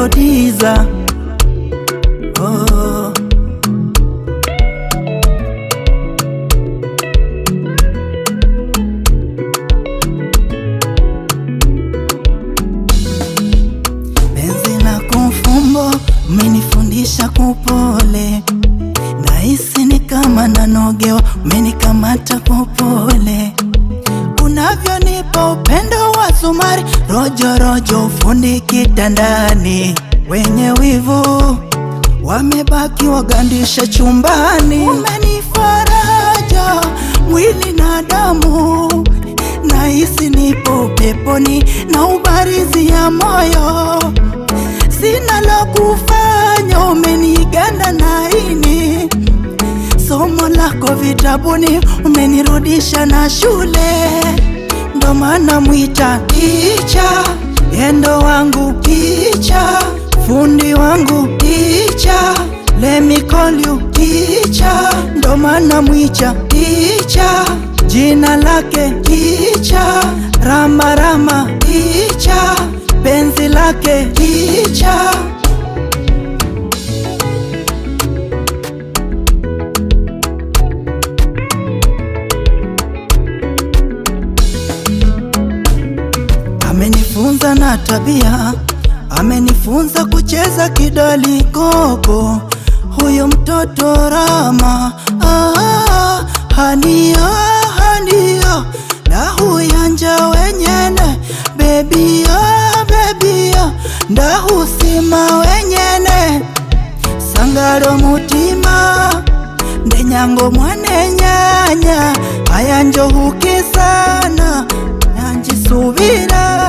Melodiza oh. Penzi la kumfumbo umenifundisha kupole, nahisi ni kama nanogewa, umenikamata kupole, unavyonipa upendo wa sumari Rojo rojo fundi kitandani, wenye wivu wamebaki wagandisha chumbani. Umenifaraja mwili na damu, nahisi nipo peponi na ubarizi ya moyo, sina la kufanya, umeniganda ini, somo lako vitabuni, umenirudisha na shule, ndo maana mwita Pendo wangu picha, fundi wangu picha, let me call you picha, ndo maana mwicha picha, jina lake picha, rama rama picha. na tabia, amenifunza kucheza kidali koko, huyo mtoto Rama ah, hania oh, hania oh. na huyanja wenyene bebia oh, bebia ndahusima wenyene sangalo mutima ndenyango mwane nyanya ayanjo sana nanjisubira